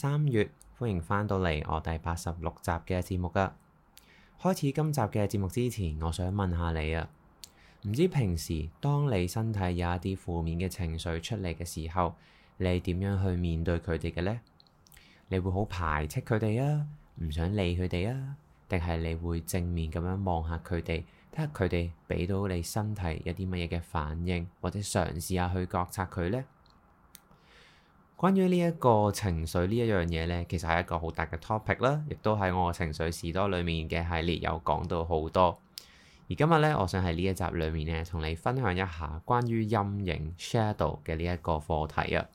三月，歡迎翻到嚟我第八十六集嘅節目㗎！開始今集嘅節目之前，我想問下你啊，唔知平時當你身體有一啲負面嘅情緒出嚟嘅時候，你點樣去面對佢哋嘅呢？你會好排斥佢哋啊，唔想理佢哋啊，定係你會正面咁樣望下佢哋，睇下佢哋俾到你身體一啲乜嘢嘅反應，或者嘗試下去覺察佢呢？關於呢一個情緒呢一樣嘢呢，其實係一個好大嘅 topic 啦，亦都喺我情緒士多裡面嘅系列有講到好多。而今日呢，我想喺呢一集裡面呢，同你分享一下關於陰影 shadow 嘅呢一個課題啊。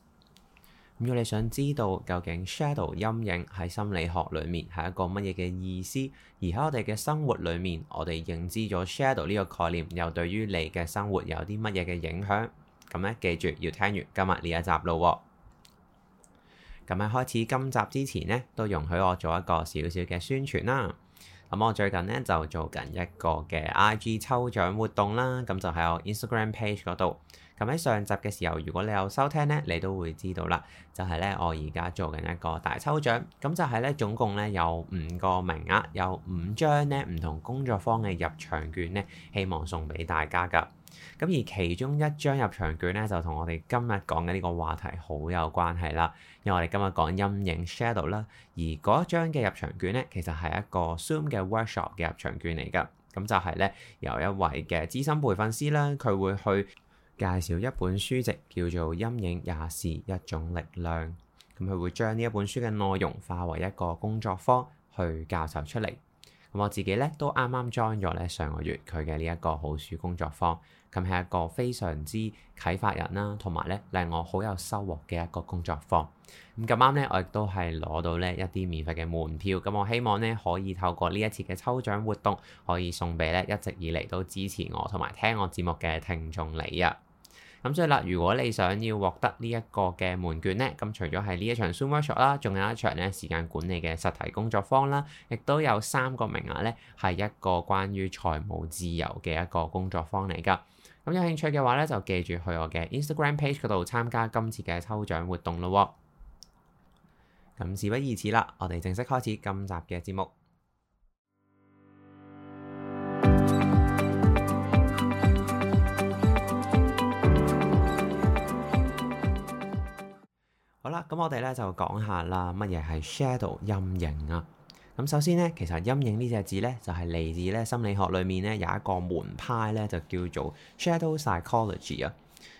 咁如果你想知道究竟 shadow 陰影喺心理學裡面係一個乜嘢嘅意思，而喺我哋嘅生活裡面，我哋認知咗 shadow 呢個概念，又對於你嘅生活有啲乜嘢嘅影響，咁咧，記住要聽完今日呢一集咯。咁喺開始今集之前咧，都容許我做一個小小嘅宣傳啦。咁我最近咧就做緊一個嘅 IG 抽獎活動啦。咁就喺我 Instagram page 嗰度。咁喺上集嘅時候，如果你有收聽咧，你都會知道啦。就係咧，我而家做緊一個大抽獎。咁就係咧，總共咧有五個名額，有五張咧唔同工作坊嘅入場券咧，希望送俾大家㗎。咁而其中一張入場券咧，就同我哋今日講嘅呢個話題好有關係啦。因為我哋今日講陰影 shadow 啦，而嗰一張嘅入場券咧，其實係一個 Zoom 嘅 workshop 嘅入場券嚟噶。咁就係咧，有一位嘅資深培訓師啦，佢會去介紹一本書籍叫做《陰影也是一種力量》。咁佢會將呢一本書嘅內容化為一個工作坊去教授出嚟。咁我自己咧都啱啱 join 咗咧上個月佢嘅呢一個好書工作坊。咁係一個非常之啟發人啦，同埋咧令我好有收穫嘅一個工作坊。咁咁啱咧，我亦都係攞到呢一啲免費嘅門票。咁我希望咧可以透過呢一次嘅抽獎活動，可以送俾咧一直以嚟都支持我同埋聽我節目嘅聽眾你啊。咁所以啦，如果你想要獲得呢一個嘅門券咧，咁除咗係呢一場 Zoom Workshop 啦，仲有一場咧時間管理嘅實體工作坊啦，亦都有三個名額咧，係一個關於財務自由嘅一個工作坊嚟噶。咁有興趣嘅話咧，就記住去我嘅 Instagram page 嗰度參加今次嘅抽獎活動咯。咁事不宜遲啦，我哋正式開始今集嘅節目。好啦，咁我哋咧就講下啦，乜嘢係 shadow 陰影啊？咁首先咧，其實陰影呢隻字咧，就係嚟自咧心理學裏面咧有一個門派咧，就叫做 Shadow Psychology 啊。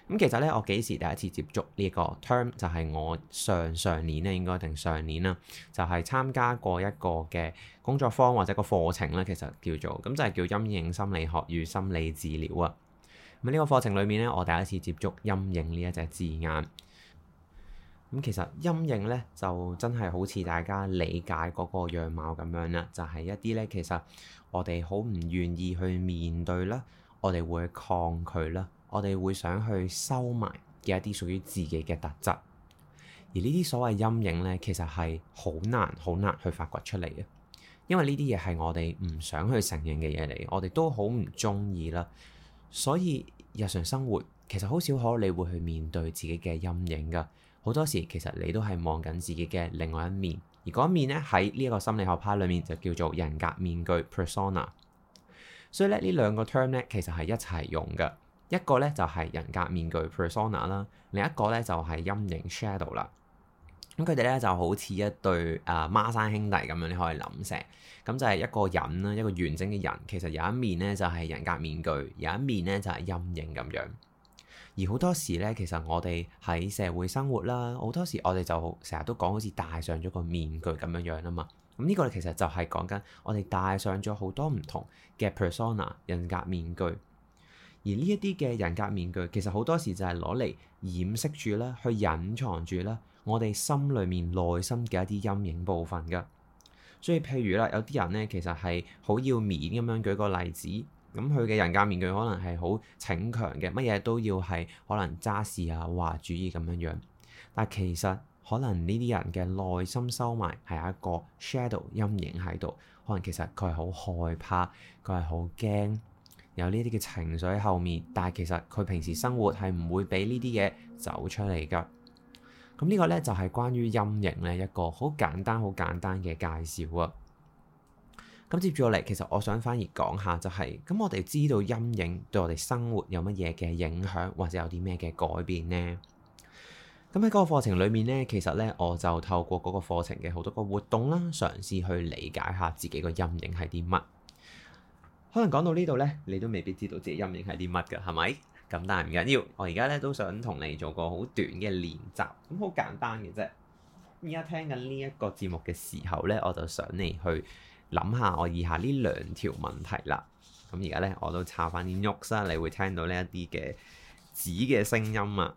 咁其實咧，我幾時第一次接觸呢個 term 就係我上上年咧，應該定上年啦，就係參加過一個嘅工作坊或者個課程咧，其實叫做咁就係叫陰影心理學與心理治療啊。咁呢個課程裏面咧，我第一次接觸陰影呢一隻字眼。咁其實陰影咧，就真係好似大家理解嗰個樣貌咁樣啦，就係一啲咧，其實我哋好唔願意去面對啦，我哋會抗拒啦，我哋會想去收埋嘅一啲屬於自己嘅特質。而呢啲所謂陰影咧，其實係好難、好難去發掘出嚟嘅，因為呢啲嘢係我哋唔想去承認嘅嘢嚟，我哋都好唔中意啦。所以日常生活其實好少可，你會去面對自己嘅陰影噶。好多時其實你都係望緊自己嘅另外一面，而嗰一面咧，喺呢一個心理學派裏面就叫做人格面具 persona。所以咧，呢兩個 term 咧，其實係一齊用嘅，一個咧就係人格面具 persona 啦，另一個咧就係陰影 shadow 啦。咁佢哋咧就好似一對啊，孖生兄弟咁樣，你可以諗成咁就係一個人啦，一個完整嘅人，其實有一面咧就係人格面具，有一面咧就係陰影咁樣。而好多時咧，其實我哋喺社會生活啦，好多時我哋就成日都講好似戴上咗個面具咁樣樣啊嘛。咁呢個其實就係講緊我哋戴上咗好多唔同嘅 persona 人格面具。而呢一啲嘅人格面具，其實好多時就係攞嚟掩飾住啦，去隱藏住啦，我哋心裏面內心嘅一啲陰影部分嘅。所以譬如啦，有啲人咧，其實係好要面咁樣舉個例子。咁佢嘅人格面具可能係好逞強嘅，乜嘢都要係可能揸事啊、話主意咁樣樣。但其實可能呢啲人嘅內心收埋係一個 shadow 陰影喺度，可能其實佢係好害怕，佢係好驚有呢啲嘅情緒喺後面。但係其實佢平時生活係唔會俾呢啲嘢走出嚟㗎。咁呢個呢，就係、是、關於陰影呢一個好簡單、好簡單嘅介紹啊。咁接住落嚟，其實我想反而講下就係，咁我哋知道陰影對我哋生活有乜嘢嘅影響，或者有啲咩嘅改變呢？咁喺嗰個課程裏面呢，其實呢，我就透過嗰個課程嘅好多個活動啦，嘗試去理解下自己個陰影係啲乜。可能講到呢度呢，你都未必知道自己陰影係啲乜嘅，係咪？咁但係唔緊要，我而家呢都想同你做個好短嘅練習，咁好簡單嘅啫。而家聽緊呢一個節目嘅時候呢，我就想你去。諗下我以下呢兩條問題啦，咁而家咧我都插翻啲喐，所以你會聽到呢一啲嘅紙嘅聲音啊。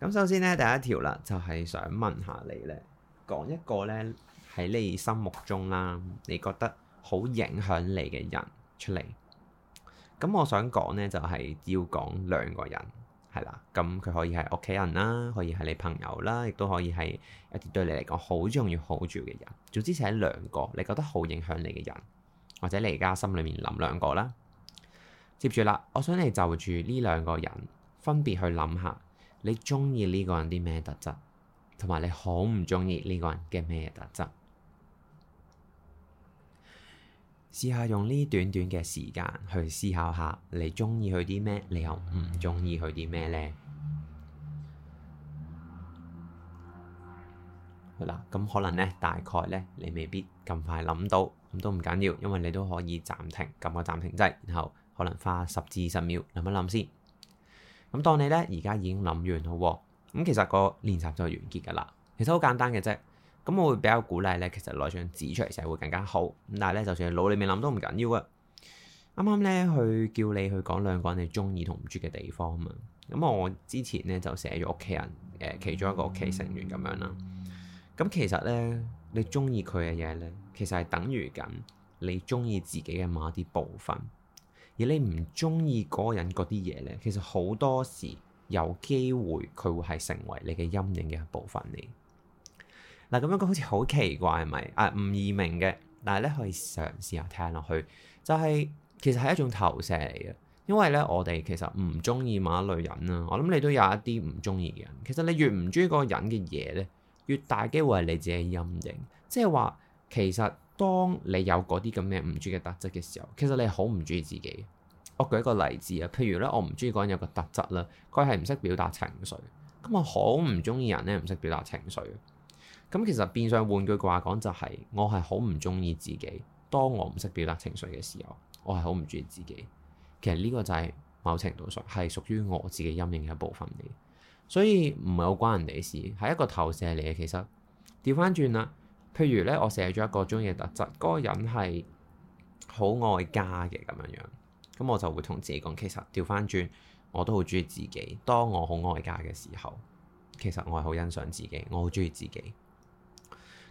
咁首先咧，第一條啦，就係想問下你咧，講一個咧，喺你心目中啦，你覺得好影響你嘅人出嚟。咁我想講咧就係要講兩個人。係啦，咁佢可以係屋企人啦，可以係你朋友啦，亦都可以係一啲對你嚟講好重要好住嘅人。總之寫兩個，你覺得好影響你嘅人，或者你而家心裏面諗兩個啦。接住啦，我想你就住呢兩個人分別去諗下，你中意呢個人啲咩特質，同埋你好唔中意呢個人嘅咩特質。試下用呢短短嘅時間去思考下，你鍾意佢啲咩？你又唔鍾意佢啲咩咧？嗱，咁可能咧，大概咧，你未必咁快諗到，咁都唔緊要，因為你都可以暫停，撳個暫停掣，然後可能花十至二十秒諗一諗先。咁當你咧而家已經諗完啦，咁其實個練習就完結㗎啦。其實好簡單嘅啫。咁我會比較鼓勵咧，其實攞張紙出嚟寫會更加好。咁但係咧，就算係腦裏面諗都唔緊要啊。啱啱咧去叫你去講兩個人你中意同唔住嘅地方啊嘛。咁我之前咧就寫咗屋企人誒、呃、其中一個屋企成員咁樣啦。咁其實咧，你中意佢嘅嘢咧，其實係等於緊你中意自己嘅某一啲部分。而你唔中意嗰個人嗰啲嘢咧，其實好多時有機會佢會係成為你嘅陰影嘅部分嚟。嗱，咁樣個好似好奇怪，係咪啊？唔易明嘅，但係咧可以嘗試下聽落去，就係，其實係一種投射嚟嘅，因為咧我哋其實唔中意某一類人啊。我諗你都有一啲唔中意嘅人，其實你越唔中意嗰個人嘅嘢咧，越大機會係你自己陰影。即係話其實當你有嗰啲咁嘅唔中意嘅特質嘅時候，其實你好唔中意自己。我舉一個例子啊，譬如咧我唔中意嗰人有個特質啦，佢係唔識表達情緒，咁我好唔中意人咧唔識表達情緒。咁其實變相換句話講，就係我係好唔中意自己。當我唔識表達情緒嘅時候，我係好唔中意自己。其實呢個就係某程度上係屬於我自己陰影嘅一部分嚟，所以唔係好關人哋事，係一個投射嚟嘅。其實調翻轉啦，譬如咧我寫咗一個中意嘅特質，嗰個人係好愛家嘅咁樣樣，咁我就會同自己講，其實調翻轉我都好中意自己。當我好愛家嘅時候，其實我係好欣賞自己，我好中意自己。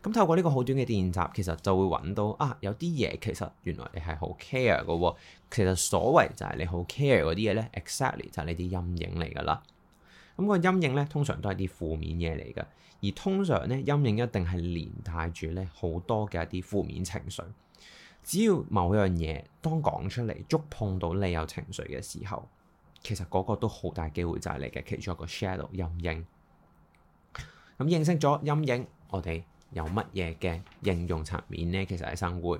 咁透過呢個好短嘅電集，其實就會揾到啊，有啲嘢其實原來你係好 care 嘅喎。其實所謂就係你好 care 嗰啲嘢呢 exactly 就係呢啲陰影嚟噶啦。咁個陰影呢，通常都係啲負面嘢嚟嘅，而通常呢，陰影一定係連帶住呢好多嘅一啲負面情緒。只要某樣嘢當講出嚟觸碰到你有情緒嘅時候，其實嗰個都好大機會就係你嘅其中一個 shadow 陰影。咁認識咗陰影，我哋有乜嘢嘅應用層面咧？其實喺生活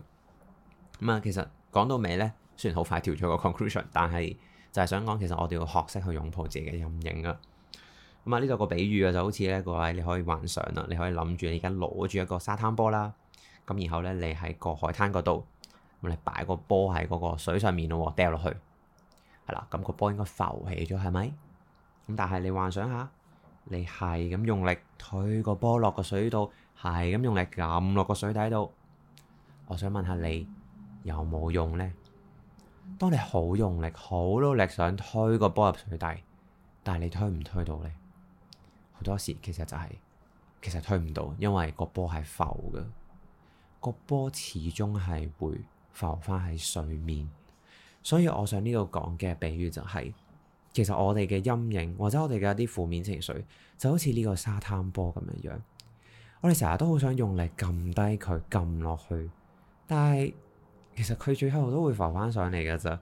咁啊。其實講到尾咧，雖然好快跳咗個 conclusion，但係就係想講，其實我哋要學識去擁抱自己嘅陰影啊。咁啊，呢度個比喻啊，就好似咧，各位你可以幻想啦，你可以諗住你而家攞住一個沙灘波啦，咁然後咧，你喺個海灘嗰度，咁你擺個波喺嗰個水上面咯，掉落去係啦。咁個波應該浮起咗係咪？咁但係你幻想下，你係咁用力推個波落個水度。係咁用力撳落個水底度，我想問下你有冇用呢？當你好用力、好努力想推個波入水底，但係你推唔推到呢？好多時其實就係，其實推唔到，因為個波係浮嘅，個波始終係會浮翻喺水面。所以我想呢度講嘅比喻就係，其實我哋嘅陰影或者我哋嘅一啲負面情緒，就好似呢個沙灘波咁樣樣。我哋成日都好想用力撳低佢撳落去，但係其實佢最後都會浮翻上嚟嘅咋，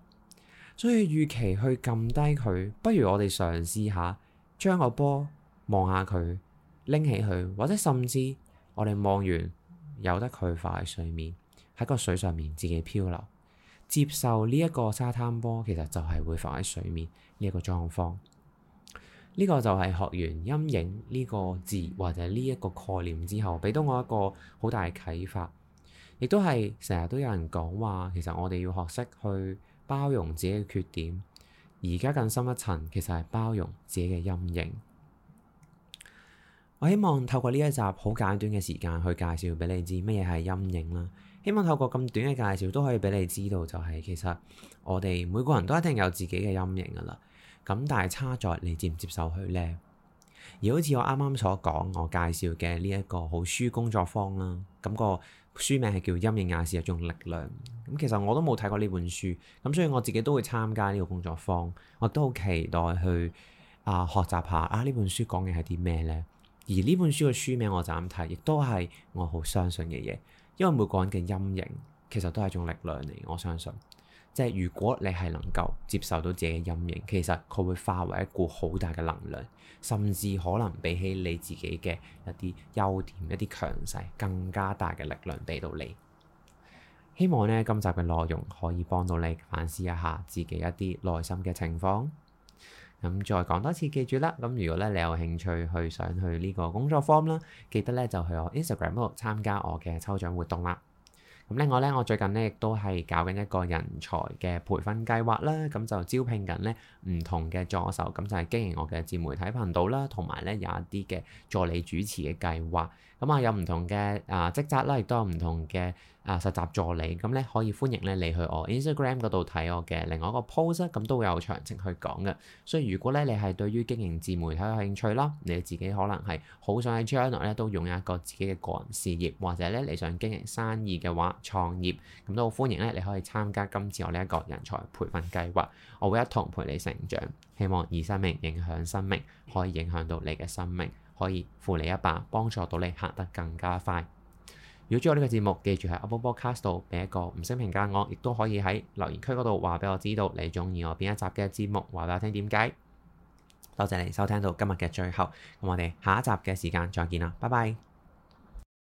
所以，與其去撳低佢，不如我哋嘗試下將個波望下佢，拎起佢，或者甚至我哋望完，由得佢浮喺水面，喺個水上面自己漂流，接受呢一個沙灘波，其實就係會浮喺水面呢一個狀況。呢個就係學完陰影呢個字或者呢一個概念之後，俾到我一個好大嘅啟發，亦都係成日都有人講話，其實我哋要學識去包容自己嘅缺點。而家更深一層，其實係包容自己嘅陰影。我希望透過呢一集好簡短嘅時間去介紹俾你知乜嘢係陰影啦。希望透過咁短嘅介紹都可以俾你知道，就係，就係其實我哋每個人都一定有自己嘅陰影噶啦。咁但係差在你接唔接受佢咧？而好似我啱啱所講，我介紹嘅呢一個好書工作坊啦，咁個書名係叫《陰影也是一種力量》。咁其實我都冇睇過呢本書，咁所以我自己都會參加呢個工作坊，我都好期待去、呃、學習啊學習下啊，呢本書講嘅係啲咩咧？而呢本書嘅書名我就咁睇，亦都係我好相信嘅嘢，因為每個人嘅陰影其實都係一種力量嚟，我相信。即係如果你係能夠接受到自己嘅陰影，其實佢會化為一股好大嘅能量，甚至可能比起你自己嘅一啲優點、一啲強勢，更加大嘅力量俾到你。希望咧今集嘅內容可以幫到你反思一下自己一啲內心嘅情況。咁再講多次，記住啦！咁如果咧你有興趣去想去呢個工作坊啦，記得咧就去我 Instagram 嗰度參加我嘅抽獎活動啦。咁另外咧我咧我最近咧亦都係搞緊一個人才嘅培訓計劃啦，咁就招聘緊咧唔同嘅助手，咁就係經營我嘅自媒體頻道啦，同埋咧有一啲嘅助理主持嘅計劃，咁啊有唔同嘅啊、呃、職責啦，亦都有唔同嘅。啊！實習助理咁咧，可以歡迎咧你去我 Instagram 嗰度睇我嘅另外一個 post 咁都會有詳情去講嘅。所以如果咧你係對於經營自媒體有興趣啦，你自己可能係好想喺將來咧都擁有一個自己嘅個人事業，或者咧你想經營生意嘅話，創業咁都好歡迎咧，你可以參加今次我呢一個人才培訓計劃，我會一同陪你成長。希望以生命影響生命，可以影響到你嘅生命，可以扶你一把，幫助到你行得更加快。如果中意呢個節目，記住喺 Apple Podcast 度俾一個五星評價。我亦都可以喺留言區嗰度話俾我知道你中意我邊一集嘅節目，話俾我聽點解。多謝你收聽到今日嘅最後，咁我哋下一集嘅時間再見啦，拜拜。